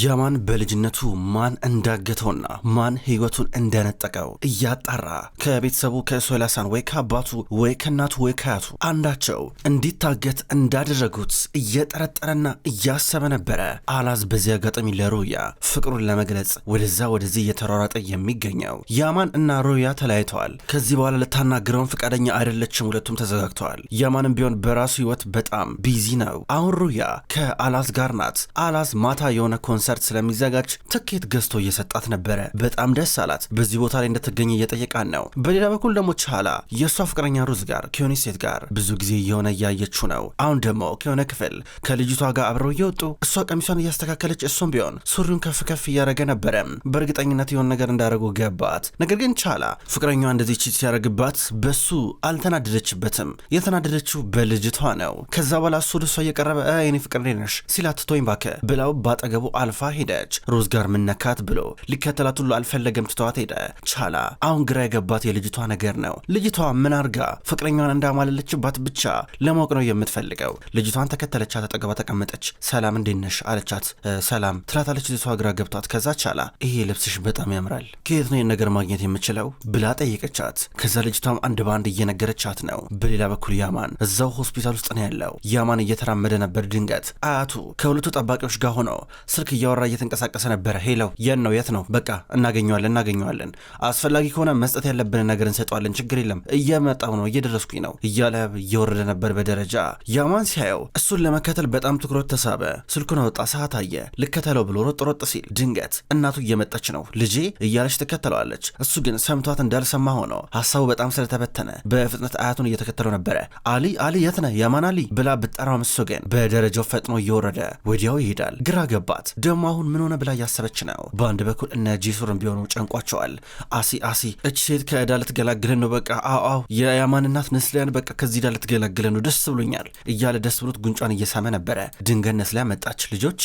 ያማን በልጅነቱ ማን እንዳገተውና ማን ህይወቱን እንደነጠቀው እያጣራ ከቤተሰቡ ከሶላሳን ወይ ከአባቱ ወይ ከእናቱ ወይ ከአያቱ አንዳቸው እንዲታገት እንዳደረጉት እየጠረጠረና እያሰበ ነበረ። አላዝ በዚህ አጋጣሚ ለሩያ ፍቅሩን ለመግለጽ ወደዛ ወደዚህ እየተሯሯጠ የሚገኘው ያማን እና ሩያ ተለያይተዋል። ከዚህ በኋላ ልታናግረውን ፈቃደኛ አይደለችም። ሁለቱም ተዘጋግተዋል። ያማንም ቢሆን በራሱ ህይወት በጣም ቢዚ ነው። አሁን ሩያ ከአላዝ ጋር ናት። አላዝ ማታ የሆነ ኮን ኮንሰርት ስለሚዘጋጅ ትኬት ገዝቶ እየሰጣት ነበረ። በጣም ደስ አላት። በዚህ ቦታ ላይ እንደትገኘ እየጠየቃን ነው። በሌላ በኩል ደግሞ ቻላ የእሷ ፍቅረኛ ሩዝ ጋር ኪዮኒ ሴት ጋር ብዙ ጊዜ እየሆነ እያየችው ነው። አሁን ደግሞ ከሆነ ክፍል ከልጅቷ ጋር አብረው እየወጡ እሷ ቀሚሷን እያስተካከለች እሱም ቢሆን ሱሪውን ከፍ ከፍ እያደረገ ነበረ። በእርግጠኝነት የሆነ ነገር እንዳደረጉ ገባት። ነገር ግን ቻላ ፍቅረኛዋ እንደዚህ ቺት ሲያደርግባት በሱ አልተናደደችበትም። የተናደደችው በልጅቷ ነው። ከዛ በኋላ እሱ ወደ እሷ እየቀረበ የኔ ፍቅር ነሽ ሲላት ባከ ብላው ባጠገቡ አልፋ ሄደች። ሮዝ ጋር ምነካት ብሎ ሊከተላት ሁሉ አልፈለገም፣ ትተዋት ሄደ። ቻላ አሁን ግራ የገባት የልጅቷ ነገር ነው። ልጅቷ ምን አርጋ ፍቅረኛዋን እንዳማለለችባት ብቻ ለማወቅ ነው የምትፈልገው። ልጅቷን ተከተለቻት፣ አጠገባ ተቀመጠች። ሰላም እንዴት ነሽ አለቻት። ሰላም ትላታለች ልጅቷ ግራ ገብቷት። ከዛ ቻላ ይሄ ልብስሽ በጣም ያምራል፣ ከየት ነው ይህን ነገር ማግኘት የምችለው ብላ ጠየቀቻት። ከዛ ልጅቷም አንድ በአንድ እየነገረቻት ነው። በሌላ በኩል ያማን እዛው ሆስፒታል ውስጥ ነው ያለው። ያማን እየተራመደ ነበር። ድንገት አያቱ ከሁለቱ ጠባቂዎች ጋር ሆኖ ስልክ እያወራ እየተንቀሳቀሰ ነበረ። ሄለው የት ነው የት ነው? በቃ እናገኘዋለን እናገኘዋለን። አስፈላጊ ከሆነ መስጠት ያለብንን ነገር እንሰጠዋለን። ችግር የለም እየመጣው ነው እየደረስኩኝ ነው እያለ እየወረደ ነበር በደረጃ። ያማን ሲያየው እሱን ለመከተል በጣም ትኩረት ተሳበ። ስልኩን አወጣ፣ ሰዓት አየ። ልከተለው ብሎ ሮጥ ሮጥ ሲል ድንገት እናቱ እየመጣች ነው ልጄ እያለች ትከተለዋለች። እሱ ግን ሰምቷት እንዳልሰማ ሆኖ ሀሳቡ በጣም ስለተበተነ በፍጥነት አያቱን እየተከተለው ነበረ። አሊ አሊ የት ነህ ያማን አሊ ብላ ብጠራው ምሶ ግን በደረጃው ፈጥኖ እየወረደ ወዲያው ይሄዳል። ግራ ገባት። ደግሞ አሁን ምን ሆነ ብላ እያሰበች ነው። በአንድ በኩል እነ ጂሱርም ቢሆኑ ጨንቋቸዋል። አሲ አሲ እች ሴት ከዕዳ ልትገላግለን ነው በቃ አዎ አዎ የያማን እናት ነስሊያን በቃ ከዚህ ዕዳ ልትገላግለን ነው ደስ ብሎኛል እያለ ደስ ብሎት ጉንጯን እየሳመ ነበረ። ድንገት ነስሊያ መጣች። ልጆች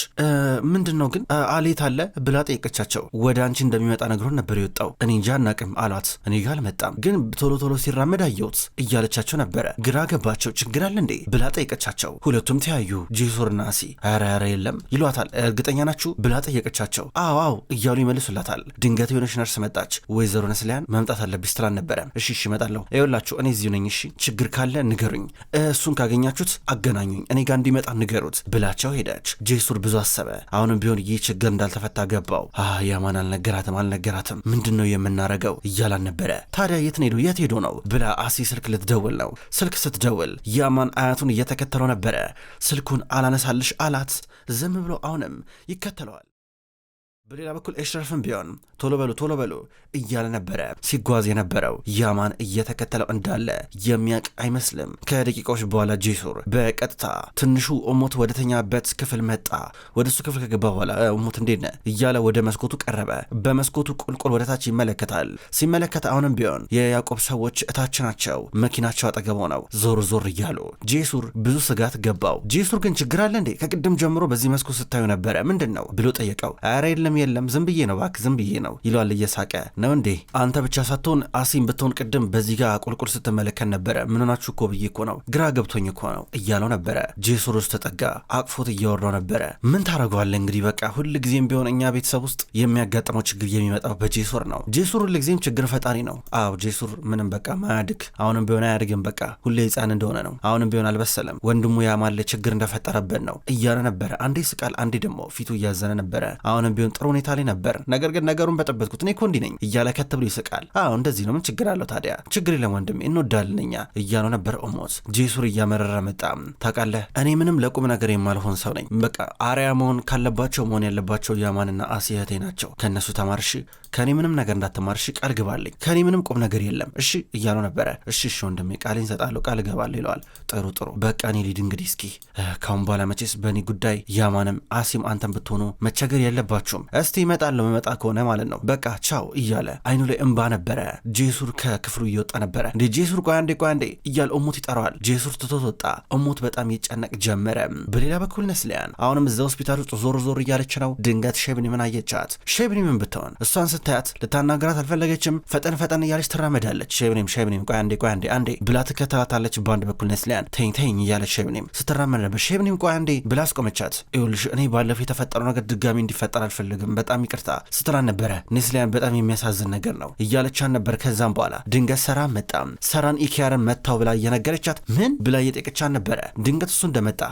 ምንድን ነው ግን አሌት አለ ብላ ጠየቀቻቸው። ወደ አንቺ እንደሚመጣ ነግሮን ነበር የወጣው እኔ እንጃ አናቅም አሏት። እኔ ጋ አልመጣም ግን ቶሎ ቶሎ ሲራመድ አየሁት እያለቻቸው ነበረ። ግራ ገባቸው። ችግር አለ እንዴ ብላ ጠየቀቻቸው። ሁለቱም ተያዩ። ጄሱርና አሲ ኧረ ኧረ የለም ይሏታል እርግጠኛ ናችሁ ብላ ጠየቀቻቸው። አዎ አዎ እያሉ ይመልሱላታል። ድንገት የሆነች ነርስ መጣች። ወይዘሮ ነስሊያን መምጣት አለብሽ ስላል ነበረ። እሺ እሺ እመጣለሁ። ይኸውላችሁ እኔ እዚሁ ነኝ። እሺ ችግር ካለ ንገሩኝ። እሱን ካገኛችሁት አገናኙኝ፣ እኔ ጋር እንዲመጣ ንገሩት ብላቸው ሄደች። ጄሱር ብዙ አሰበ። አሁንም ቢሆን ይህ ችግር እንዳልተፈታ ገባው። ያማን አልነገራትም አልነገራትም፣ ምንድን ነው የምናረገው እያላን ነበረ። ታዲያ የት ሄዱ የት ሄዶ ነው ብላ አሲ ስልክ ልትደውል ነው። ስልክ ስትደውል ያማን አያቱን እየተከተለው ነበረ። ስልኩን አላነሳልሽ አላት። ዝም ብሎ አሁንም ይከተለዋል። በሌላ በኩል ኤሽረፍም ቢሆን ቶሎ በሉ ቶሎ በሉ እያለ ነበረ ሲጓዝ የነበረው ያማን እየተከተለው እንዳለ የሚያውቅ አይመስልም። ከደቂቃዎች በኋላ ጄሱር በቀጥታ ትንሹ ኦሞት ወደተኛበት ክፍል መጣ። ወደ እሱ ክፍል ከገባ በኋላ ኦሞት እንዴት ነህ እያለ ወደ መስኮቱ ቀረበ። በመስኮቱ ቁልቁል ወደ ታች ይመለከታል። ሲመለከት አሁንም ቢሆን የያዕቆብ ሰዎች እታች ናቸው። መኪናቸው አጠገብ ነው ዞር ዞር እያሉ። ጄሱር ብዙ ስጋት ገባው። ጄሱር ግን ችግር አለ እንዴ? ከቅድም ጀምሮ በዚህ መስኮት ስታዩ ነበረ ምንድን ነው ብሎ ጠየቀው። አረ የለም የለም ዝም ብዬ ነው ባክ ዝም ብዬ ነው ይለዋል እየሳቀ ነው እንዴ አንተ ብቻ ሳትሆን አሲም ብትሆን ቅድም በዚህ ጋር ቁልቁል ስትመለከት ነበረ። ምንሆናችሁ እኮ ብዬ እኮ ነው ግራ ገብቶኝ እኮ ነው እያለው ነበረ። ውስጥ ተጠጋ፣ አቅፎት እያወራው ነበረ። ምን ታደረገዋለ እንግዲህ በቃ ሁል ጊዜም ቢሆን እኛ ቤተሰብ ውስጥ የሚያጋጥመው ችግር የሚመጣው በጄሱር ነው። ጄሱር ጊዜም ችግር ፈጣሪ ነው። አዎ ጄሱር ምንም በቃ ማያድግ አሁንም ቢሆን አያድግም። በቃ ሁሌ ሕፃን እንደሆነ ነው። አሁንም ቢሆን አልበሰለም። ወንድሙ ያማለ ችግር እንደፈጠረበት ነው እያለ ነበረ። አንዴ ስቃል፣ አንዴ ደግሞ ፊቱ እያዘነ ነበረ። አሁንም ቢሆን ጥሩ ሁኔታ ላይ ነበር። ነገር ግን ነገሩን በጠበጥኩት እኔ እኮ እንዲህ ነኝ እያለ ከት ብሎ ይስቃል። አዎ እንደዚህ ነው ምን ችግር አለው ታዲያ? ችግር የለም ወንድሜ እንወዳለን እኛ እያለው ነበር። ኦሞት ጄሱር እያመረረ መጣ። ታውቃለህ እኔ ምንም ለቁም ነገር የማልሆን ሰው ነኝ። በቃ አርያ መሆን ካለባቸው መሆን ያለባቸው ያማንና አስያቴ ናቸው። ከእነሱ ተማርሽ ከእኔ ምንም ነገር እንዳትማር እሺ፣ ቃል ግባልኝ፣ ከእኔ ምንም ቁም ነገር የለም እሺ እያለው ነበረ። እሺ እሺ ወንድሜ ቃሌን እሰጣለሁ፣ ቃል እገባለሁ ይለዋል። ጥሩ ጥሩ በቃ እኔ ልሂድ እንግዲህ። እስኪ ካሁን በኋላ መቼስ በእኔ ጉዳይ ያማንም አሲም አንተን ብትሆኑ መቸገር የለባችሁም። እስቲ ይመጣለሁ መመጣ ከሆነ ማለት ነው በቃ ቻው እያለ አይኑ ላይ እምባ ነበረ። ጄሱር ከክፍሉ እየወጣ ነበረ። እንዴ ጄሱር ቆይ አንዴ ቆይ አንዴ እያለ እሙት ይጠራዋል። ጄሱር ትቶት ወጣ። እሙት በጣም ይጨነቅ ጀመረ። በሌላ በኩል ነስሊያን አሁንም እዛ ሆስፒታል ውስጥ ዞር ዞር እያለች ነው። ድንገት ሼብኒምን አየቻት። ሼብኒምን ብትሆን እሷን ስታያት ልታናገራት አልፈለገችም። ፈጠን ፈጠን እያለች ትራመዳለች። ሸብኔም ሸብኔም ቆይ አንዴ ቆይ አንዴ አንዴ ብላ ትከተላታለች። በአንድ በኩል ነስሊያን ተኝ ተኝ እያለች ሸብኔም ስትራመድ ነበር። ሸብኔም ቆይ አንዴ ብላ አስቆመቻት። ይኸውልሽ እኔ ባለፈው የተፈጠረው ነገር ድጋሚ እንዲፈጠር አልፈልግም፣ በጣም ይቅርታ ስትላን ነበረ። ኔስሊያን በጣም የሚያሳዝን ነገር ነው እያለቻን ነበር። ከዛም በኋላ ድንገት ሰራ መጣ። ሰራን ኢኪያርን መታው ብላ እየነገረቻት ምን ብላ እየጠየቀቻን ነበረ። ድንገት እሱ እንደመጣ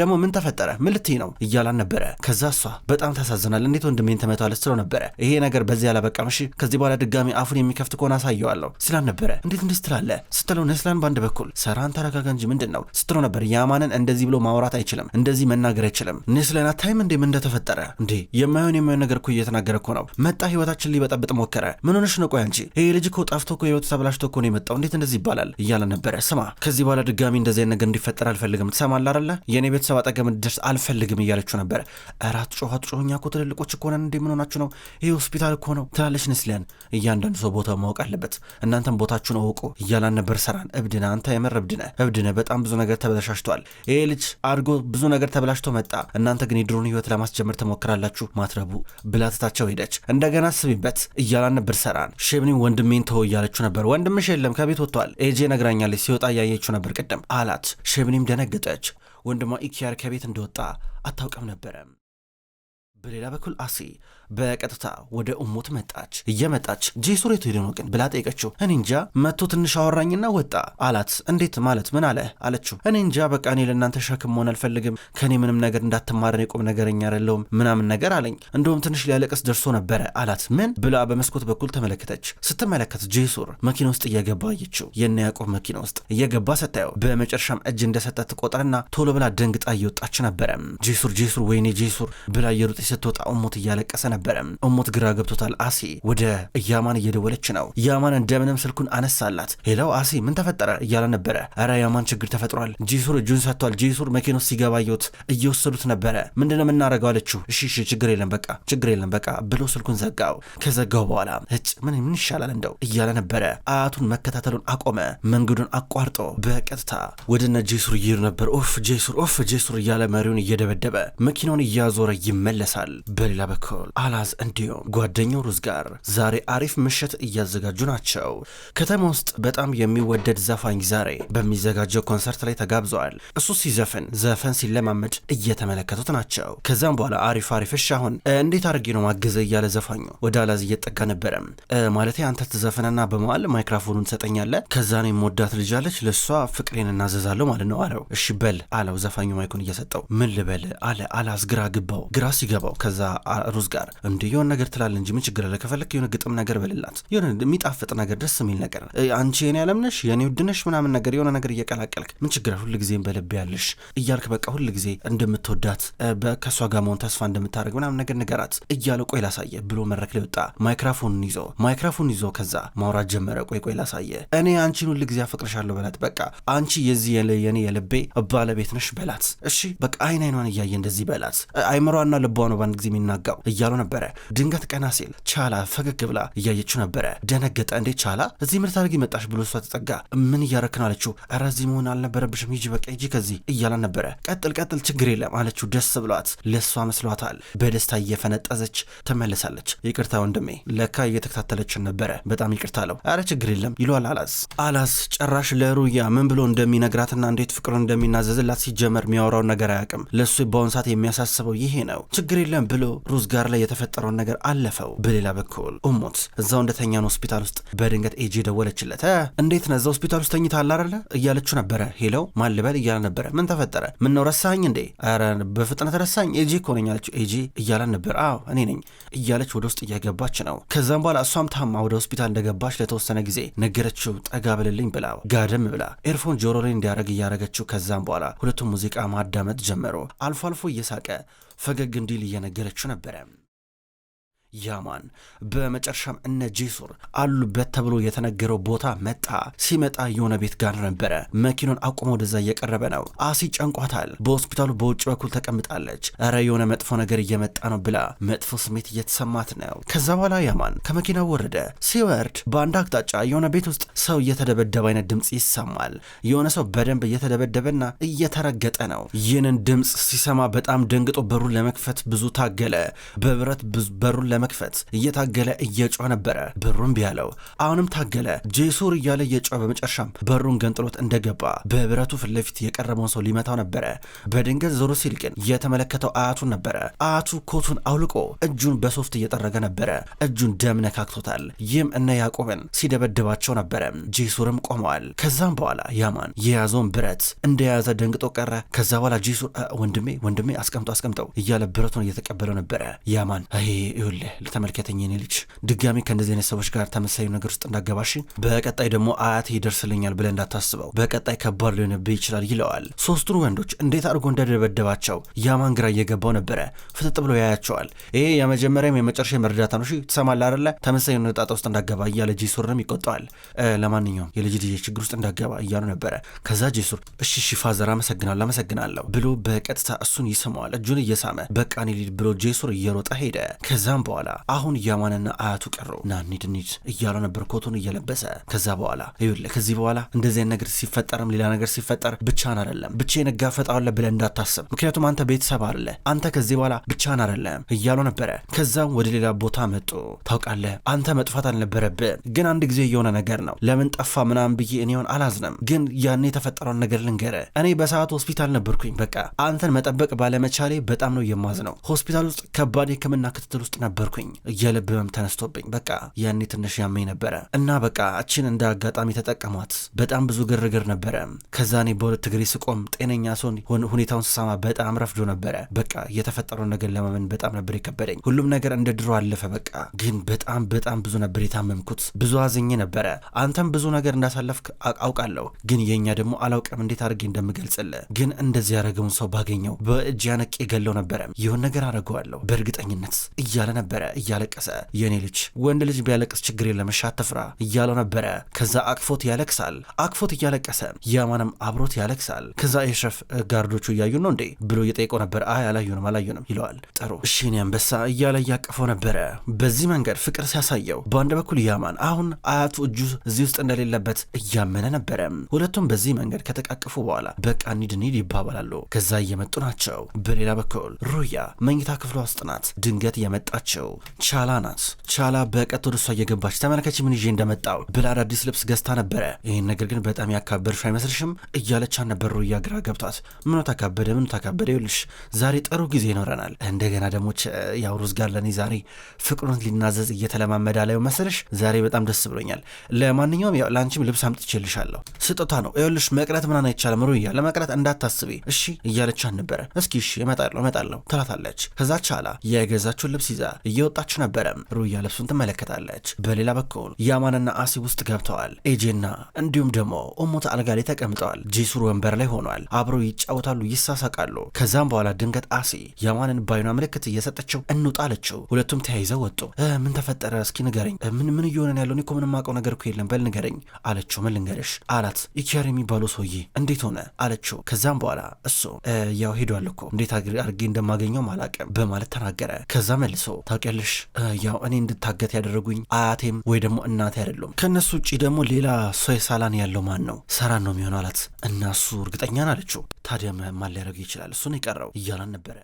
ደግሞ ምን ተፈጠረ ምን ልትይ ነው እያላን ነበረ። ከዛ እሷ በጣም ታሳዝናል፣ እንዴት ወንድሜን ተመቷል ስለው ነበረ። ይሄ ነገር በዚያ በዚህ አላበቃም፣ እሺ ከዚህ በኋላ ድጋሚ አፉን የሚከፍት ከሆነ አሳየዋለሁ ስላን ነበረ። እንዴት እንደስ ትላለ ስትለው ነስላን በአንድ በኩል ሰራን ተረጋጋ እንጂ ምንድን ነው ስትለው ነበር። ያማንን እንደዚህ ብሎ ማውራት አይችልም፣ እንደዚህ መናገር አይችልም። ነስላን አታይም እንዴ ምን እንደተፈጠረ እንዴ? የማይሆን የማይሆን ነገር እኮ እየተናገረ እኮ ነው። መጣ ህይወታችን ሊበጠብጥ ሞከረ። ምን ሆነሽ ነው? ቆይ አንቺ ይሄ ልጅ እኮ ጠፍቶ እኮ ህይወቱ ተብላሽቶ እኮ ነው የመጣው። እንዴት እንደዚህ ይባላል እያለ ነበረ። ስማ ከዚህ በኋላ ድጋሚ እንደዚህ ነገር እንዲፈጠር አልፈልግም። ትሰማለህ አይደለ? የእኔ ቤተሰብ አጠገብ እንድደርስ አልፈልግም እያለችው ነበር። እራት ጮኋት ጮኛ እኮ ትልልቆች እኮ ነን እንዴ ምን ሆናችሁ ነው? ይሄ ሆስፒታል እኮ ነው ነው ትላለች ንስሊያን። እያንዳንዱ ሰው ቦታ ማወቅ አለበት፣ እናንተም ቦታችሁን አውቁ እያላን ነበር ሰራን። እብድነ አንተ የምር እብድነ እብድነ። በጣም ብዙ ነገር ተበላሽቷል። ይሄ ልጅ አድርጎ ብዙ ነገር ተበላሽቶ መጣ። እናንተ ግን የድሮን ህይወት ለማስጀመር ትሞክራላችሁ ማትረቡ ብላትታቸው ሄደች። እንደገና ስቢበት እያላን ነበር ሰራን። ሼብኒ ወንድሜን ተወው እያለችው ነበር። ወንድምሽ የለም ከቤት ወጥቷል፣ ኤጄ ነግራኛለች፣ ሲወጣ እያየችው ነበር ቅድም አላት። ሼብኒም ደነገጠች። ወንድሟ ኢኪያር ከቤት እንደወጣ አታውቅም ነበረም። በሌላ በኩል አሴ በቀጥታ ወደ እሙት መጣች። እየመጣች ጄሱር የት ሄደ ነው ግን ብላ ጠየቀችው። እኔ እንጃ መጥቶ ትንሽ አወራኝና ወጣ አላት። እንዴት ማለት ምን አለ አለችው። እኔ እንጃ በቃ እኔ ለእናንተ ሸክም መሆን አልፈልግም፣ ከእኔ ምንም ነገር እንዳትማረን የቆም ነገረኛ አይደለሁም ምናምን ነገር አለኝ። እንደውም ትንሽ ሊያለቅስ ደርሶ ነበረ አላት። ምን ብላ በመስኮት በኩል ተመለከተች። ስትመለከት ጄሱር መኪና ውስጥ እየገባ አየችው። የነ ያዕቆብ መኪና ውስጥ እየገባ ስታየው በመጨረሻም እጅ እንደሰጠ ትቆጥርና ቶሎ ብላ ደንግጣ እየወጣች ነበረ። ጄሱር ጄሱር፣ ወይኔ ጄሱር ብላ እየሮጠች ስትወጣ እሙት እያለቀሰ ነበር አልነበረም። እሞት ግራ ገብቶታል። አሲ ወደ ያማን እየደወለች ነው። ያማን እንደምንም ስልኩን አነሳላት። ሌላው አሲ ምን ተፈጠረ እያለ ነበረ። ኧረ ያማን ችግር ተፈጥሯል፣ ጂሱር እጁን ሰጥቷል። ጂሱር መኪና ሲገባ ሲገባየት እየወሰዱት ነበረ። ምንድነው የምናደርገው አለችው። እሺ እሺ ችግር የለም በቃ ችግር የለም በቃ ብሎ ስልኩን ዘጋው። ከዘጋው በኋላ እጭ ምን ምን ይሻላል እንደው እያለ ነበረ። አያቱን መከታተሉን አቆመ። መንገዱን አቋርጦ በቀጥታ ወደነ ጄሱር እየሄዱ ነበር። ኦፍ ጄሱር ኦፍ ጄሱር እያለ መሪውን እየደበደበ መኪናውን እያዞረ ይመለሳል። በሌላ በኩል ካላስ እንዲሁም ጓደኛው ሩዝ ጋር ዛሬ አሪፍ ምሽት እያዘጋጁ ናቸው። ከተማ ውስጥ በጣም የሚወደድ ዘፋኝ ዛሬ በሚዘጋጀው ኮንሰርት ላይ ተጋብዘዋል። እሱ ሲዘፍን ዘፈን ሲለማመድ እየተመለከቱት ናቸው። ከዛም በኋላ አሪፍ አሪፍ እሺ አሁን እንዴት አድርጌ ነው ማገዘ እያለ ዘፋኙ ወደ አላዝ እየጠጋ ነበረ። ማለት አንተ ትዘፍንና በመዋል ማይክራፎኑን ትሰጠኛለ፣ ከዛ ነው የምወዳት ልጃለች፣ ለእሷ ፍቅሬን እናዘዛለሁ ማለት ነው አለው። እሺ በል አለው ዘፋኙ ማይኩን እየሰጠው። ምን ልበል አለ አላዝ ግራ ግባው። ግራ ሲገባው ከዛ ሩዝ ጋር እንደ የሆነ ነገር ትላለ እንጂ ምን ችግር አለ? ከፈለክ የሆነ ግጥም ነገር በልላት፣ የሆነ የሚጣፍጥ ነገር፣ ደስ የሚል ነገር፣ አንቺ የኔ ያለምነሽ የኔ ውድነሽ ምናምን ነገር የሆነ ነገር እየቀላቀልክ ምን ችግር አለ? ሁልጊዜም በልብ ያለሽ እያልክ በቃ ሁልጊዜ እንደምትወዳት ከእሷ ጋር መሆን ተስፋ እንደምታደርግ ምናምን ነገር ንገራት እያለ ቆይ ላሳየ ብሎ መድረክ ላይ ወጣ። ማይክራፎኑን ይዞ ማይክራፎኑን ይዞ ከዛ ማውራት ጀመረ። ቆይ ቆይ ላሳየ እኔ አንቺን ሁልጊዜ አፈቅርሻለሁ በላት። በቃ አንቺ የዚህ የኔ የልቤ ባለቤት ነሽ በላት። እሺ በቃ አይን አይኗን እያየ እንደዚህ በላት። አይምሯና ልቧ ነው በአንድ ጊዜ የሚናጋው እያሉ ነበረ። ድንገት ቀና ሲል ቻላ ፈገግ ብላ እያየችው ነበረ። ደነገጠ። እንዴት ቻላ እዚህ ምን ታደርጊ መጣሽ ብሎ እሷ ተጠጋ። ምን እያረክ ነው አለችው። ኧረ እዚህ መሆን አልነበረብሽም፣ ሂጂ በቃ ሂጂ ከዚህ እያላን ነበረ። ቀጥል ቀጥል፣ ችግር የለም አለችው። ደስ ብሏት ለእሷ መስሏታል። በደስታ እየፈነጠዘች ተመለሳለች። ይቅርታ ወንድሜ፣ ለካ እየተከታተለችን ነበረ። በጣም ይቅርታ አለው። ኧረ ችግር የለም ይሏል አላስ። አላስ ጭራሽ ለሩያ ምን ብሎ እንደሚነግራትና እንዴት ፍቅሩን እንደሚናዘዝላት ሲጀመር የሚያወራውን ነገር አያውቅም። ለእሱ በአሁን ሰዓት የሚያሳስበው ይሄ ነው። ችግር የለም ብሎ ሩዝ ጋር ላይ የተፈጠረውን ነገር አለፈው። በሌላ በኩል እሙት እዛው እንደተኛን ሆስፒታል ውስጥ በድንገት ኤጂ ደወለችለት። እንዴት ነህ? እዛ ሆስፒታል ውስጥ ተኝታል አይደለ እያለችው ነበረ። ሄለው ማን ልበል እያለ ነበረ። ምን ተፈጠረ? ምን ነው ረሳኝ እንዴ? ኧረ በፍጥነት ረሳኝ። ኤጂ እኮ ነኝ አለችው። ኤጂ እያለን ነበር። አዎ እኔ ነኝ እያለች ወደ ውስጥ እያገባች ነው። ከዛም በኋላ እሷም ታማ ወደ ሆስፒታል እንደገባች ለተወሰነ ጊዜ ነገረችው። ጠጋ ብልልኝ ብላ ጋደም ብላ ኤርፎን ጆሮ ላይ እንዲያደርግ እያደረገችው። ከዛም በኋላ ሁለቱም ሙዚቃ ማዳመጥ ጀመሩ። አልፎ አልፎ እየሳቀ ፈገግ እንዲል እየነገረችው ነበረ። ያማን በመጨረሻም እነ ጄሱር አሉበት ተብሎ የተነገረው ቦታ መጣ። ሲመጣ የሆነ ቤት ጋር ነበረ። መኪናውን አቁሞ ወደዛ እየቀረበ ነው። አሲ ጨንቋታል። በሆስፒታሉ በውጭ በኩል ተቀምጣለች። እረ የሆነ መጥፎ ነገር እየመጣ ነው ብላ መጥፎ ስሜት እየተሰማት ነው። ከዛ በኋላ ያማን ከመኪናው ወረደ። ሲወርድ በአንድ አቅጣጫ የሆነ ቤት ውስጥ ሰው እየተደበደበ አይነት ድምፅ ይሰማል። የሆነ ሰው በደንብ እየተደበደበና እየተረገጠ ነው። ይህንን ድምፅ ሲሰማ በጣም ደንግጦ በሩን ለመክፈት ብዙ ታገለ። በብረት በሩን ለመክፈት እየታገለ እየጮ ነበረ። በሩን ቢያለው አሁንም ታገለ። ጄሱር እያለ እየጮ በመጨረሻም በሩን ገንጥሎት እንደገባ በብረቱ ፊት ለፊት የቀረበውን ሰው ሊመታው ነበረ። በድንገት ዞሮ ሲል ግን የተመለከተው አያቱን ነበረ። አያቱ ኮቱን አውልቆ እጁን በሶፍት እየጠረገ ነበረ። እጁን ደም ነካክቶታል። ይህም እነ ያዕቆብን ሲደበድባቸው ነበረ። ጄሱርም ቆመዋል። ከዛም በኋላ ያማን የያዘውን ብረት እንደያዘ ደንግጦ ቀረ። ከዛ በኋላ ጄሱር ወንድሜ ወንድሜ አስቀምጦ አስቀምጠው እያለ ብረቱን እየተቀበለው ነበረ። ያማን ይሁል ተመልከተኝ የኔ ልጅ፣ ድጋሚ ከእንደዚህ አይነት ሰዎች ጋር ተመሳዩ ነገር ውስጥ እንዳገባሽ፣ በቀጣይ ደግሞ አያቴ ይደርስልኛል ብለህ እንዳታስበው፣ በቀጣይ ከባድ ሊሆንብህ ይችላል ይለዋል። ሶስቱን ወንዶች እንዴት አድርጎ እንደደበደባቸው ያማን ግራ እየገባው ነበረ። ፍጥጥ ብሎ ያያቸዋል። ይሄ የመጀመሪያም የመጨረሻ እርዳታ ነው። ትሰማለህ አይደለ? ተመሳዩ ጣጣ ውስጥ እንዳገባ እያለ ጄሱርንም ይቆጠዋል። ለማንኛውም የልጅ ልጅ ችግር ውስጥ እንዳገባ እያሉ ነበረ። ከዛ ጄሱር እሺ እሺ ፋዘር አመሰግናለሁ አመሰግናለሁ ብሎ በቀጥታ እሱን ይስመዋል። እጁን እየሳመ በቃ እኔ ልሂድ ብሎ ጄሱር እየሮጠ ሄደ። ከዛም በኋላ በኋላ አሁን እያማንና አያቱ ቀሩ ና እንሂድ እንሂድ እያለ ነበር ኮቱን እየለበሰ። ከዛ በኋላ ይኸውልህ ከዚህ በኋላ እንደዚህ ነገር ሲፈጠርም ሌላ ነገር ሲፈጠር ብቻን አይደለም ብቻዬን እጋፈጣለሁ ብለ እንዳታስብ፣ ምክንያቱም አንተ ቤተሰብ አለ አንተ ከዚህ በኋላ ብቻን አይደለም እያለው ነበረ። ከዛም ወደ ሌላ ቦታ መጡ። ታውቃለህ አንተ መጥፋት አልነበረብን፣ ግን አንድ ጊዜ የሆነ ነገር ነው ለምን ጠፋ ምናምን ብዬ እኔውን አላዝንም፣ ግን ያኔ የተፈጠረውን ነገር ልንገረ። እኔ በሰዓት ሆስፒታል ነበርኩኝ። በቃ አንተን መጠበቅ ባለመቻሌ በጣም ነው የማዝነው። ሆስፒታል ውስጥ ከባድ ህክምና ክትትል ውስጥ ነበር ነበርኩኝ የልብ ህመም ተነስቶብኝ በቃ ያኔ ትንሽ ያመኝ ነበረ እና በቃ አችን እንደ አጋጣሚ ተጠቀሟት። በጣም ብዙ ግርግር ነበረ። ከዛ እኔ በሁለት እግሬ ስቆም ጤነኛ ሰውን ሁኔታውን ስሰማ በጣም ረፍዶ ነበረ። በቃ የተፈጠረውን ነገር ለማመን በጣም ነበር የከበደኝ። ሁሉም ነገር እንደ ድሮ አለፈ። በቃ ግን በጣም በጣም ብዙ ነበር የታመምኩት። ብዙ አዝኜ ነበረ። አንተም ብዙ ነገር እንዳሳለፍክ አውቃለሁ፣ ግን የእኛ ደግሞ አላውቅም እንዴት አድርጌ እንደምገልጽል ግን እንደዚህ ያደረገውን ሰው ባገኘው በእጅ ያነቄ ገለው ነበረ። ይሁን ነገር አደርገዋለሁ በእርግጠኝነት እያለ ነበረ ነበረ እያለቀሰ የኔ ልጅ ወንድ ልጅ ቢያለቅስ ችግር የለም እሺ አትፍራ እያለው ነበረ። ከዛ አቅፎት ያለቅሳል። አቅፎት እያለቀሰ ያማንም አብሮት ያለቅሳል። ከዛ የሸፍ ጋርዶቹ እያዩ ነው እንዴ ብሎ እየጠየቀው ነበር። አይ አላዩንም አላዩንም ይለዋል። ጥሩ እሺ እኔ አንበሳ እያለ እያቀፈው ነበረ። በዚህ መንገድ ፍቅር ሲያሳየው፣ በአንድ በኩል ያማን አሁን አያቱ እጁ እዚህ ውስጥ እንደሌለበት እያመነ ነበረ። ሁለቱም በዚህ መንገድ ከተቃቀፉ በኋላ በቃ ኒድ ይባባላሉ። ከዛ እየመጡ ናቸው። በሌላ በኩል ሩያ መኝታ ክፍሏ ውስጥ ናት። ድንገት እየመጣችው ቻላ ናት። ቻላ በቀጥ ወደ እሷ እየገባች ተመልከች ምን ይዤ እንደመጣው ብላ አዳዲስ ልብስ ገዝታ ነበረ። ይህን ነገር ግን በጣም ያካበድሽ አይመስልሽም እያለቻ ነበር። ሩያ ግራ ገብቷት ምኖ ታካበደ ምኖ ታካበደ፣ ይኸውልሽ ዛሬ ጥሩ ጊዜ ይኖረናል። እንደገና ደግሞ ያው ሩዝ ጋር ለእኔ ዛሬ ፍቅሩን ሊናዘዝ እየተለማመዳ ላይ መሰለሽ፣ ዛሬ በጣም ደስ ብሎኛል። ለማንኛውም ያው ለአንቺም ልብስ አምጥቼልሻለሁ፣ ስጦታ ነው። ይኸውልሽ መቅረት ምናን አይቻልም ሩያ፣ ለመቅረት እንዳታስቢ እሺ እያለቻን ነበረ። እስኪ እሺ እመጣለሁ እመጣለሁ ትላታለች። ከዛ ቻላ የገዛችውን ልብስ ይዛ እየወጣች ነበረ። ሩያ ልብሱን ትመለከታለች። በሌላ በኩል ያማንና አሲብ ውስጥ ገብተዋል። ኤጄና እንዲሁም ደግሞ ኦሞት አልጋ ላይ ተቀምጠዋል። ጂሱር ወንበር ላይ ሆኗል። አብረው ይጫወታሉ፣ ይሳሳቃሉ። ከዛም በኋላ ድንገት አሲ ያማንን ባይኗ ምልክት እየሰጠችው እንውጣ አለችው። ሁለቱም ተያይዘው ወጡ። ምን ተፈጠረ? እስኪ ንገረኝ። ምን ምን እየሆነን ያለው? እኔ እኮ ምንም አውቀው ነገር እኮ የለም። በል ንገረኝ አለችው። ምን ልንገርሽ አላት። ኢኪያር የሚባለው ሰውዬ እንዴት ሆነ አለችው። ከዛም በኋላ እሱ ያው ሄዷል እኮ እንዴት አድርጌ እንደማገኘው አላቅም በማለት ተናገረ። ከዛ መልሶ ታውቂያለሽ፣ ያው እኔ እንድታገት ያደረጉኝ አያቴም ወይ ደግሞ እናቴ አይደሉም። ከእነሱ ውጭ ደግሞ ሌላ ሶይ ሳላን ያለው ማን ነው? ሰራን ነው የሚሆነው አላት እናሱ እርግጠኛን አለችው። ታዲያ ማን ሊያደርግ ይችላል? እሱን የቀረው እያላን ነበረ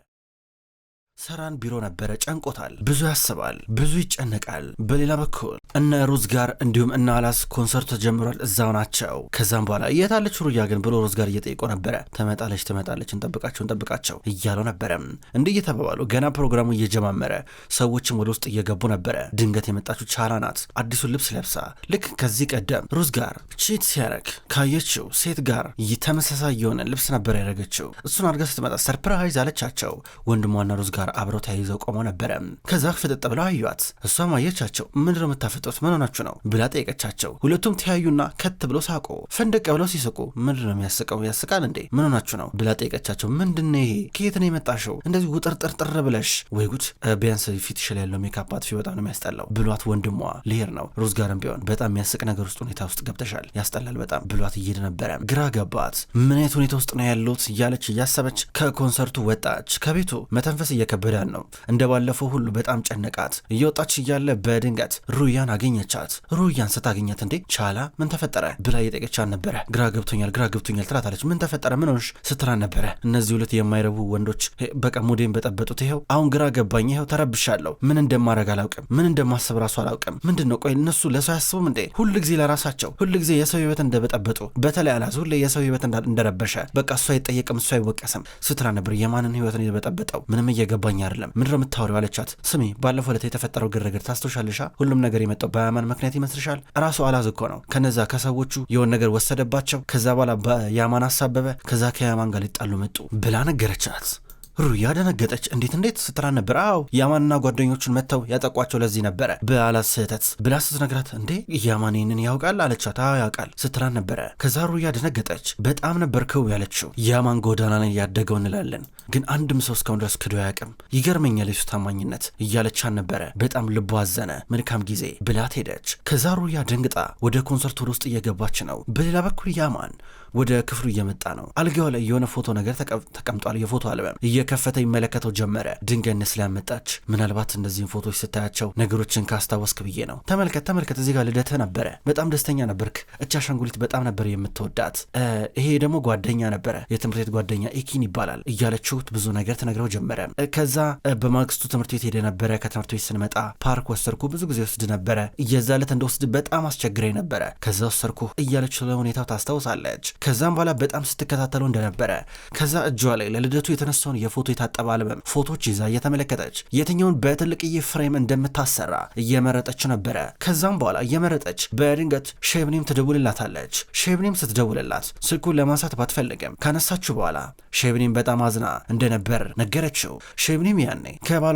ሰራን ቢሮ ነበረ። ጨንቆታል፣ ብዙ ያስባል፣ ብዙ ይጨነቃል። በሌላ በኩል እነ ሩዝ ጋር እንዲሁም እነ አላስ ኮንሰርቱ ተጀምሯል፣ እዛው ናቸው። ከዛም በኋላ የታለች ሩያ ግን ብሎ ሩዝ ጋር እየጠየቆ ነበረ። ትመጣለች፣ ትመጣለች፣ እንጠብቃቸው፣ እንጠብቃቸው እያለው ነበረ። እንዲህ እየተባባሉ ገና ፕሮግራሙ እየጀማመረ ሰዎችም ወደ ውስጥ እየገቡ ነበረ። ድንገት የመጣችው ቻላ ናት፣ አዲሱን ልብስ ለብሳ። ልክ ከዚህ ቀደም ሩዝ ጋር ቺት ሲያረግ ካየችው ሴት ጋር ተመሳሳይ የሆነ ልብስ ነበር ያደረገችው። እሱን አድርጋ ስትመጣ ሰርፕራይዝ አለቻቸው ወንድሟና ሩዝ ጋር ጋር አብረው ተያይዘው ቆመው ነበረ። ከዛ ፍጥጥ ብለው አዩዋት። እሷም አየቻቸው። ምንድነው ነው የምታፈጡት? ምን ሆናችሁ ነው ብላ ጠየቀቻቸው። ሁለቱም ተያዩና ከት ብለው ሳቁ። ፈንደቅ ብለው ሲስቁ ምንድነው የሚያስቀው? ያስቃል እንዴ? ምን ሆናችሁ ነው ብላ ጠየቀቻቸው። ምንድን ይሄ? ከየት ነው የመጣሽው? እንደዚህ ውጥርጥርጥር ብለሽ ወይ ጉድ! ቢያንስ ፊትሽ ላይ ያለው ሜካፕ አጥፊ በጣም ነው የሚያስጠላው ብሏት፣ ወንድሟ ልሄድ ነው ሮዝ ጋርም ቢሆን በጣም የሚያስቅ ነገር ውስጥ ሁኔታ ውስጥ ገብተሻል፣ ያስጠላል በጣም ብሏት እየሄደ ነበረ። ግራ ገባት። ምን አይነት ሁኔታ ውስጥ ነው ያለሁት እያለች እያሰበች ከኮንሰርቱ ወጣች። ከቤቱ መተንፈስ እየከ እያከበዳን ነው። እንደ ባለፈው ሁሉ በጣም ጨነቃት። እየወጣች እያለ በድንገት ሩያን አገኘቻት። ሩያን ስታገኘት እንዴ ቻላ ምን ተፈጠረ ብላ እየጠየቀቻት ነበረ። ግራ ገብቶኛል፣ ግራ ገብቶኛል ትላታለች። ምን ተፈጠረ፣ ምን ሆንሽ ነበረ። እነዚህ ሁለት የማይረቡ ወንዶች በቃ ሙዴን በጠበጡት። ይኸው አሁን ግራ ገባኝ፣ ይኸው ተረብሻለሁ። ምን እንደማረግ አላውቅም፣ ምን እንደማስብ ራሱ አላውቅም። ምንድን ነው ቆይ እነሱ ለሰው አያስቡም እንዴ? ሁል ጊዜ ለራሳቸው ሁል ጊዜ የሰው ህይወት እንደበጠበጡ በተለይ አላዝ ሁሌ የሰው ህይወት እንደረበሸ በቃ እሱ አይጠየቅም፣ እሱ አይወቀስም ስትላ ነበር። የማንን ህይወትን የበጠበጠው ምንም እየገባ እየገባኝ አይደለም። ምንድን ነው የምታወሪው አለቻት። ስሚ ባለፈው ዕለት የተፈጠረው ግርግር ታስቶሻልሻ? ሁሉም ነገር የመጣው በያማን ምክንያት ይመስልሻል? ራሱ አላዝ እኮ ነው ከነዛ ከሰዎቹ የሆን ነገር ወሰደባቸው። ከዛ በኋላ ያማን አሳበበ። ከዛ ከያማን ጋር ሊጣሉ መጡ ብላ ነገረቻት። ሩያ ደነገጠች። እንዴት እንዴት ስትራ ነበር። አዎ ያማንና ጓደኞቹን መጥተው ያጠቋቸው ለዚህ ነበረ በአላት ስህተት ብላ ስትነግራት፣ እንዴ ያማን ይህንን ያውቃል አለቻት። ያውቃል ስትራን ነበረ። ከዛ ሩያ ደነገጠች። በጣም ነበር ክው ያለችው። ያማን ጎዳና ላይ ያደገው እንላለን፣ ግን አንድም ሰው እስካሁን ድረስ ክዶ አያውቅም። ይገርመኛል የሱ ታማኝነት እያለቻን ነበረ። በጣም ልቦ አዘነ። መልካም ጊዜ ብላት ሄደች። ከዛ ሩያ ደንግጣ ወደ ኮንሰርት ውስጥ እየገባች ነው። በሌላ በኩል ያማን ወደ ክፍሉ እየመጣ ነው። አልጋው ላይ የሆነ ፎቶ ነገር ተቀምጧል። የፎቶ አልበም እየ እየከፈተ ይመለከተው ጀመረ። ድንገት ስላመጣች ምናልባት እነዚህን ፎቶች ስታያቸው ነገሮችን ካስታወስክ ብዬ ነው። ተመልከት ተመልከት፣ እዚህ ጋር ልደትህ ነበረ። በጣም ደስተኛ ነበርክ። እቻ አሻንጉሊት በጣም ነበር የምትወዳት። ይሄ ደግሞ ጓደኛ ነበረ፣ የትምህርት ቤት ጓደኛ ኢኪን ይባላል እያለችሁት ብዙ ነገር ትነግረው ጀመረ። ከዛ በማግስቱ ትምህርት ቤት ሄደ ነበረ። ከትምህርት ቤት ስንመጣ ፓርክ ወሰድኩ፣ ብዙ ጊዜ ወስድ ነበረ። እየዛ ዕለት እንደወስድ በጣም አስቸግረኝ ነበረ። ከዛ ወሰድኩ እያለች ስለ ሁኔታው ታስታውሳለች። ከዛም በኋላ በጣም ስትከታተለው እንደነበረ ከዛ እጇ ላይ ለልደቱ የተነሳውን ፎቶ የታጠበ አልበም ፎቶች ይዛ እየተመለከተች የትኛውን በትልቅዬ ፍሬም እንደምታሰራ እየመረጠች ነበረ። ከዛም በኋላ እየመረጠች በድንገት ሼብኒም ትደውልላታለች። ሼብኒም ስትደውልላት ስልኩን ለማንሳት ባትፈልግም ካነሳችሁ በኋላ ሼብኒም በጣም አዝና እንደነበር ነገረችው። ሼብኒም ያኔ ከባሏ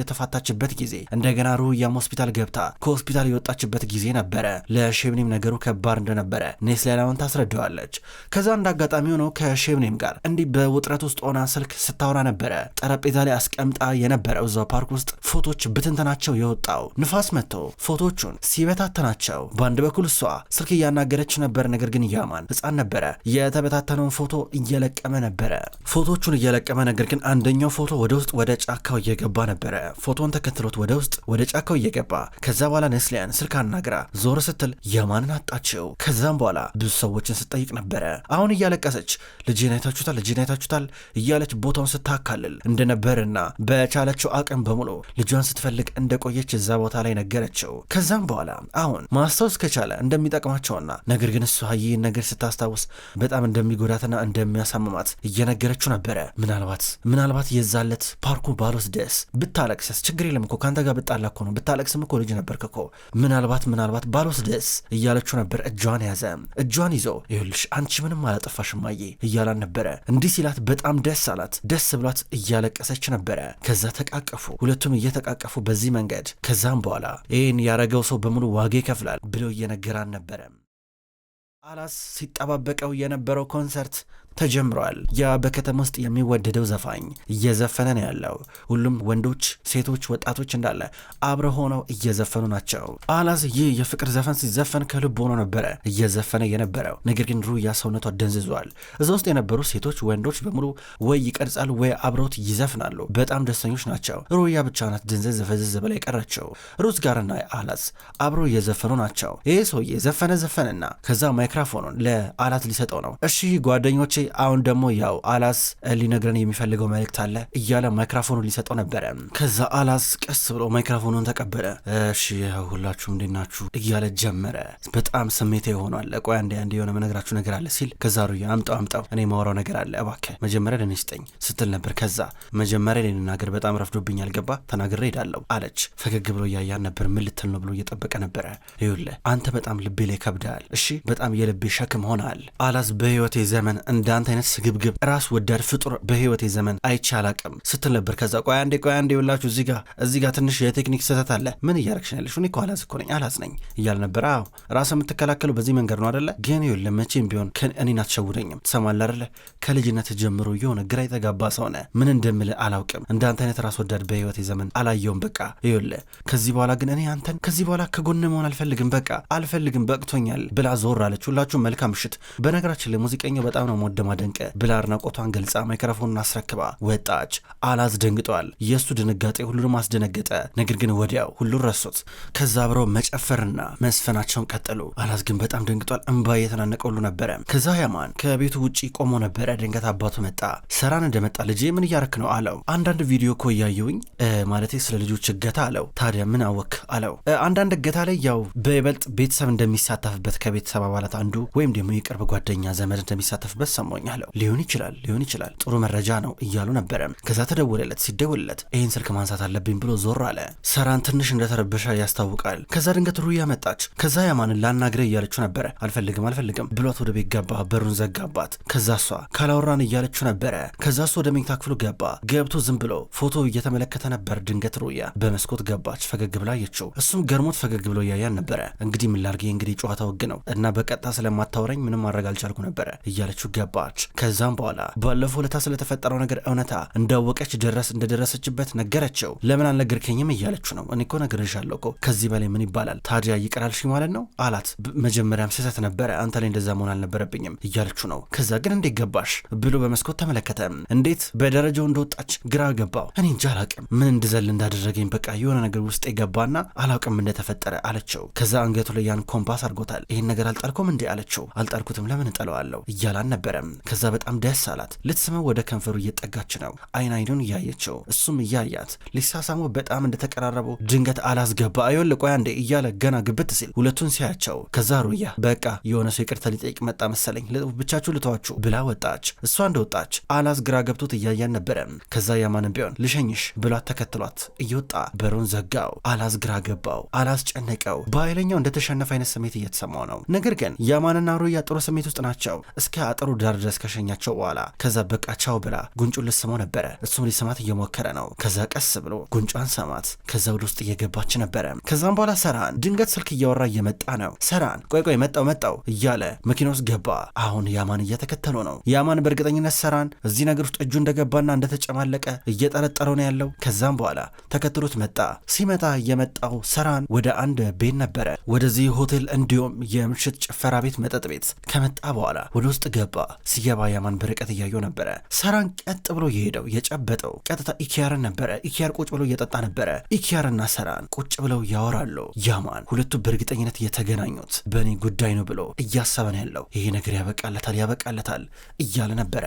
የተፋታችበት ጊዜ እንደገና ሩህያም ሆስፒታል ገብታ ከሆስፒታል የወጣችበት ጊዜ ነበረ። ለሼብኒም ነገሩ ከባድ እንደነበረ ኔስሊያላውን ታስረዳዋለች። ከዛ እንዳጋጣሚ ሆነው ከሼብኒም ጋር እንዲህ በውጥረት ውስጥ ሆና ስልክ ስታ ስታወራ ነበረ። ጠረጴዛ ላይ አስቀምጣ የነበረው እዛው ፓርክ ውስጥ ፎቶች ብትንተናቸው የወጣው ንፋስ መጥቶ ፎቶቹን ሲበታተናቸው፣ በአንድ በኩል እሷ ስልክ እያናገረች ነበር። ነገር ግን ያማን ህፃን ነበረ። የተበታተነውን ፎቶ እየለቀመ ነበረ። ፎቶቹን እየለቀመ ነገር ግን አንደኛው ፎቶ ወደ ውስጥ ወደ ጫካው እየገባ ነበረ። ፎቶን ተከትሎት ወደ ውስጥ ወደ ጫካው እየገባ ከዛ በኋላ ነስሊያን ስልክ አናግራ ዞር ስትል ያማንን አጣችው። ከዛም በኋላ ብዙ ሰዎችን ስጠይቅ ነበረ። አሁን እያለቀሰች ልጄን አይታችሁታል፣ ልጄን አይታችሁታል እያለች ቦታውን ስታካልል እንደነበርና በቻለችው አቅም በሙሉ ልጇን ስትፈልግ እንደቆየች እዛ ቦታ ላይ ነገረችው። ከዛም በኋላ አሁን ማስታወስ ከቻለ እንደሚጠቅማቸውና ነገር ግን እሷ ይህን ነገር ስታስታውስ በጣም እንደሚጎዳትና እንደሚያሳምማት እየነገረችው ነበረ። ምናልባት ምናልባት የዛለት ፓርኩ ባሎስ ደስ ብታለቅሰስ ችግር የለም እኮ ከአንተ ጋር ብጣላ እኮ ነው ብታለቅስም እኮ ልጅ ነበርክ እኮ ምናልባት ምናልባት ባሎስ ደስ እያለችው ነበር። እጇን ያዘ። እጇን ይዞ ይኸውልሽ አንቺ ምንም አላጠፋሽም አየ እያላን ነበረ። እንዲህ ሲላት በጣም ደስ አላት ደስ ብሏት እያለቀሰች ነበረ። ከዛ ተቃቀፉ። ሁለቱም እየተቃቀፉ በዚህ መንገድ ከዛም በኋላ ይህን ያረገው ሰው በሙሉ ዋጋ ይከፍላል ብሎ እየነገራን ነበረም። አላስ ሲጠባበቀው የነበረው ኮንሰርት ተጀምሯል። ያ በከተማ ውስጥ የሚወደደው ዘፋኝ እየዘፈነ ነው ያለው። ሁሉም ወንዶች፣ ሴቶች፣ ወጣቶች እንዳለ አብረ ሆነው እየዘፈኑ ናቸው። አላዝ ይህ የፍቅር ዘፈን ሲዘፈን ከልብ ሆኖ ነበረ እየዘፈነ የነበረው። ነገር ግን ሩያ ሰውነቷ ደንዝዟል። እዛ ውስጥ የነበሩ ሴቶች፣ ወንዶች በሙሉ ወይ ይቀርጻል ወይ አብረውት ይዘፍናሉ። በጣም ደስተኞች ናቸው። ሩያ ብቻ ናት ድንዘዝ ፈዘዝ ብላ የቀረችው። ሩት ጋርና አላዝ አብረው እየዘፈኑ ናቸው። ይህ ሰውዬ ዘፈነ ዘፈንና ከዛ ማይክራፎኑን ለአላት ሊሰጠው ነው። እሺ ጓደኞቼ አሁን ደግሞ ያው አላስ ሊነግረን የሚፈልገው መልእክት አለ እያለ ማይክራፎኑን ሊሰጠው ነበረ። ከዛ አላስ ቀስ ብሎ ማይክራፎኑን ተቀበለ። እሺ ሁላችሁም እንዴት ናችሁ እያለ ጀመረ። በጣም ስሜታ ሆኗል። ቆይ አንዴ አንዴ የሆነ መነግራችሁ ነገር አለ ሲል ከዛ ሩዬ አምጣው አምጣው፣ እኔ ማወራው ነገር አለ እባክህ መጀመሪያ ለእኔ ስጠኝ ስትል ነበር። ከዛ መጀመሪያ ላይ በጣም ረፍዶብኝ አልገባ ተናግሬ ሄዳለሁ አለች። ፈገግ ብሎ እያያን ነበር። ምን ልትል ነው ብሎ እየጠበቀ ነበረ። ይኸውልህ አንተ በጣም ልቤ ላይ ከብዳል። እሺ በጣም የልቤ ሸክም ሆናል። አላስ በህይወቴ ዘመን እንደ እንዳንተ አይነት ስግብግብ ራስ ወዳድ ፍጡር በህይወቴ ዘመን አይቼ አላቅም ስትል ነበር። ከዛ ቆይ አንዴ ቆይ አንዴ ይውላችሁ እዚህ ጋ እዚህ ጋ ትንሽ የቴክኒክ ስህተት አለ። ምን እያረግሽ ነው ያለሽ? እኔ እኮ አላዝ እኮ ነኝ አላዝ ነኝ ነበር። አዎ ራስ የምትከላከለው በዚህ መንገድ ነው አደለ? ግን ይኸውልህ መቼም ቢሆን እኔን አትሸውደኝም። ትሰማለህ አደለ? ከልጅነት ጀምሮ የሆነ ግራ የተጋባ ሰው ነህ። ምን እንደምልህ አላውቅም። እንዳንተ አይነት ራስ ወዳድ በህይወቴ ዘመን አላየውም። በቃ ይኸውልህ ከዚህ በኋላ ግን እኔ አንተን ከዚህ በኋላ ከጎን መሆን አልፈልግም። በቃ አልፈልግም፣ በቅቶኛል ብላ ዞር አለች። ሁላችሁም መልካም ምሽት። በነገራችን ላይ ሙዚቀኛው በጣም ነው አደማደንቀ ብላ አድናቆቷን ገልጻ ማይክሮፎኑን አስረክባ ወጣች። አላዝ ደንግጧል። የእሱ ድንጋጤ ሁሉንም አስደነገጠ። ነገር ግን ወዲያው ሁሉን ረሱት። ከዛ አብረው መጨፈርና መስፈናቸውን ቀጠሉ። አላዝ ግን በጣም ደንግጧል። እንባ እየተናነቀ ሁሉ ነበረ። ከዛ ያማን ከቤቱ ውጭ ቆሞ ነበረ። ድንገት አባቱ መጣ። ሰራን እንደመጣ ልጄ ምን እያረክ ነው አለው። አንዳንድ ቪዲዮ እኮ እያየውኝ ማለቴ ስለ ልጆች እገታ አለው። ታዲያ ምን አወክ አለው። አንዳንድ እገታ ላይ ያው በይበልጥ ቤተሰብ እንደሚሳተፍበት ከቤተሰብ አባላት አንዱ ወይም ደግሞ የቅርብ ጓደኛ ዘመድ እንደሚሳተፍበት ሰሙ አሞኛለሁ ሊሆን ይችላል ሊሆን ይችላል ጥሩ መረጃ ነው እያሉ ነበረ። ከዛ ተደወለለት። ሲደወለለት ይህን ስልክ ማንሳት አለብኝ ብሎ ዞር አለ። ሰራን ትንሽ እንደተረበሸ ያስታውቃል። ከዛ ድንገት ሩያ መጣች። ከዛ ያማንን ላናግረ እያለችው ነበረ። አልፈልግም አልፈልግም ብሏት ወደ ቤት ገባ። በሩን ዘጋባት። ከዛ እሷ ካላወራን እያለችው ነበረ። ከዛ እሱ ወደ መኝታ ክፍሉ ገባ። ገብቶ ዝም ብሎ ፎቶ እየተመለከተ ነበር። ድንገት ሩያ በመስኮት ገባች። ፈገግ ብላ አየችው። እሱም ገርሞት ፈገግ ብሎ እያያን ነበረ። እንግዲህ ምን ላድርግ እንግዲህ ጨዋታ ወግ ነው እና በቀጥታ ስለማታወራኝ ምንም ማድረግ አልቻልኩ ነበረ እያለችው ገባ። ገባች። ከዛም በኋላ ባለፈው ለታ ስለተፈጠረው ነገር እውነታ እንዳወቀች ድረስ እንደደረሰችበት ነገረችው። ለምን አልነገርከኝም እያለችው ነው። እኔ እኮ ነግሬሻለሁ እኮ ከዚህ በላይ ምን ይባላል ታዲያ ይቀራልሽ ማለት ነው አላት። መጀመሪያም ስህተት ነበረ አንተ ላይ እንደዛ መሆን አልነበረብኝም እያለችው ነው። ከዛ ግን እንዴት ገባሽ ብሎ በመስኮት ተመለከተ። እንዴት በደረጃው እንደወጣች ግራ ገባው። እኔ እንጃ አላቅም ምን እንድዘል እንዳደረገኝ በቃ የሆነ ነገር ውስጥ የገባና አላውቅም እንደተፈጠረ አለችው። ከዛ አንገቱ ላይ ያን ኮምፓስ አድርጎታል። ይህን ነገር አልጣልኩም እንዴ አለችው። አልጣልኩትም ለምን እጠለዋለሁ እያላን ነበረም ከዛ በጣም ደስ አላት። ልትስመው ወደ ከንፈሩ እየጠጋች ነው፣ አይን አይኑን እያየችው እሱም እያያት ሊሳሳሙ በጣም እንደተቀራረቡ ድንገት አላስገባ አዮል ቆያ እንዴ እያለ ገና ግብት ሲል ሁለቱን ሲያያቸው፣ ከዛ ሩያ በቃ የሆነ ሰው ይቅርታ ሊጠይቅ መጣ መሰለኝ ብቻችሁ ልተዋችሁ ብላ ወጣች። እሷ እንደወጣች አላዝ ግራ ገብቶት እያያን ነበረ። ከዛ ያማንም ቢሆን ልሸኝሽ ብሏት ተከትሏት እየወጣ በሩን ዘጋው። አላዝ ግራ ገባው፣ ጨነቀው። በኃይለኛው እንደተሸነፈ አይነት ስሜት እየተሰማው ነው። ነገር ግን ያማንና ሩያ ጥሩ ስሜት ውስጥ ናቸው። እስከ አጥሩ ዳር ድረስ ከሸኛቸው በኋላ ከዛ በቃ ብላ ጉንጩን ልስመው ነበረ። እሱም ሊስማት እየሞከረ ነው። ከዛ ቀስ ብሎ ጉንጯን ሰማት። ከዛ ወደ ውስጥ እየገባች ነበረ። ከዛም በኋላ ሰራን ድንገት ስልክ እያወራ እየመጣ ነው። ሰራን ቆይ ቆይ መጣው መጣው እያለ መኪና ውስጥ ገባ። አሁን ያማን እየተከተሉ ነው። ያማን በእርግጠኝነት ሰራን እዚህ ነገር ውስጥ እጁ እንደገባና እንደተጨማለቀ እየጠረጠረው ነው ያለው። ከዛም በኋላ ተከትሎት መጣ። ሲመጣ የመጣው ሰራን ወደ አንድ ቤት ነበረ። ወደዚህ ሆቴል እንዲሁም የምሽት ጭፈራ ቤት፣ መጠጥ ቤት ከመጣ በኋላ ወደ ውስጥ ገባ። ሲገባ ያማን በርቀት እያየው ነበረ። ሰራን ቀጥ ብሎ የሄደው የጨበጠው ቀጥታ ኢኪያርን ነበረ። ኢኪያር ቁጭ ብሎ እየጠጣ ነበረ። ኢኪያርና ሰራን ቁጭ ብለው ያወራሉ። ያማን ሁለቱ በእርግጠኝነት የተገናኙት በእኔ ጉዳይ ነው ብሎ እያሰበን ያለው ይሄ ነገር ያበቃለታል፣ ያበቃለታል እያለ ነበረ።